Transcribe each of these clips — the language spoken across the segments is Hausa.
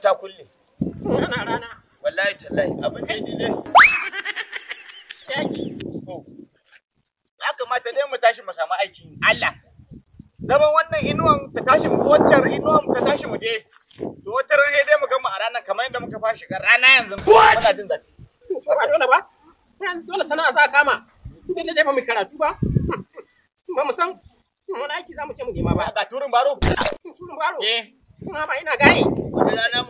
kasuwa ta kulle rana rana wallahi tallahi abin da ne yaki ko ya kamata dai mu tashi mu samu Allah wannan inuwan ta tashi mu wancan inuwan ta tashi mu je to wata ran dai mu gama a ranar kamar yadda muka fara shiga rana yanzu jin zafi ba dole ba dole sana'a kama dai ba mu karatu ba hmm. ba mu san wani aiki za mu ce mu nema ba ga baro hmm, baro eh ba ina wata rana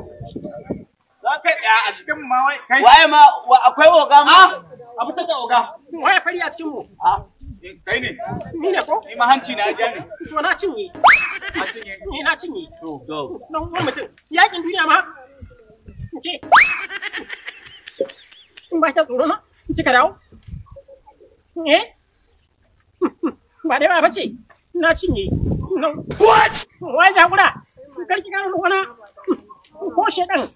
cikin mu ma wai kai. Waye ma akwai oga ma? Abu ah, ta oga. Waye fari a cikin mu? a eh, Kai ne. Ni ne ko? Ni ma hanci na ja ne. To na cinye. A cinye. Ni na cinye. To. go Nan wani mutum. Yakin duniya ma. Ke. In ba ta tsoro na? Kika dawo? Eh? Ba dai ba bace. Na cinye. Nan. What? Wai zakura. Karki karo na. Ko shedan.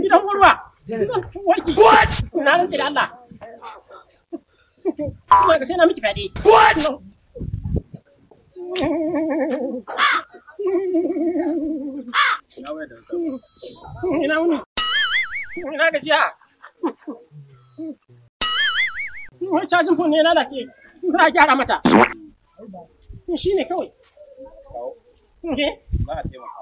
gidan murwa gidan waki na rage da Allah kuma na miki fade what ina wuni ina gajiya wai cajin ne za a gyara mata shi ne kawai eh? a taimaka